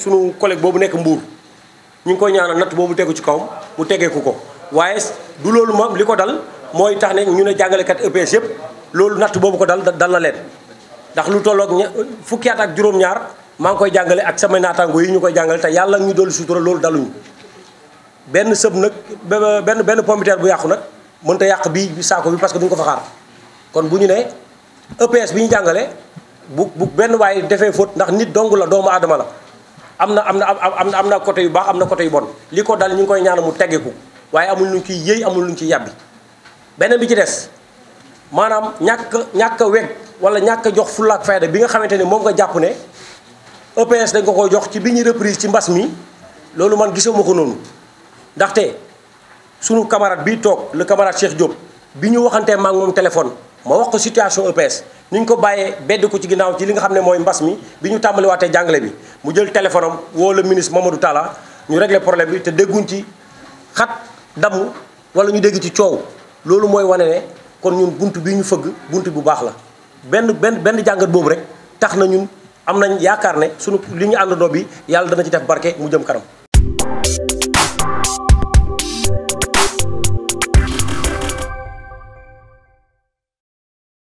sunu collègue bobu nek mbuur ñu ngi koy ñaanal natt boobu tegu ci kawam mu tegeeku ko waaye du dal mooy tax ne ñu ne jàngalekat EPS yëpp loolu natt boobu ko dal dal na leen ndax lu tolloog fukki at ak juróom-ñaar maa ngi koy jàngale ak samay naataango yi ñu koy jàngale te yàlla ñu dolli sutura loolu daluñu benn sëb nag benn benn pompiteer bu yàqu bi parce que duñ ko fa xaar kon bu ne EPS bi ñu jàngale bu bu benn waaye defee faute ndax nit dong la doomu aadama la am na am na am na am na côté yu baax am na côté yu bon li ko dal ñu ngi koy ñaan mu teggeeku waaye amul luñ ciy yëy amul luñ ciy yàbbi beneen bi ci des maanaam ñàkk ñàkk a weg wala ñàkk jox fulla ak fayda bi nga xamante ne moom nga jàpp ne EPS dañ ko koy jox ci bi ñu reprise ci mbas mi loolu man gisuma ko noonu ndaxte sunu camarade bi toog le camarade Cheikh Diop bi ñu waxantee maak moom téléphone ma wax ko situation EPS ni ñu ko bàyyee bedd ko ci ginnaaw ci li nga xam ne mooy mbas mi bi ñu tàmbaliwaatee jàngale bi mu jël téléphone am woo le ministre Mamadou Talla ñu régler problème bi te dégguñ ci xat damu wala ñu dégg ci coow loolu mooy wane ne kon ñun bunt bi ñu fëgg bunt bu baax la benn benn benn jàngat boobu rek tax na ñun am nañ yaakaar ne sunu li ñu àndandoo bi yàlla dana ci def barke mu jëm kanam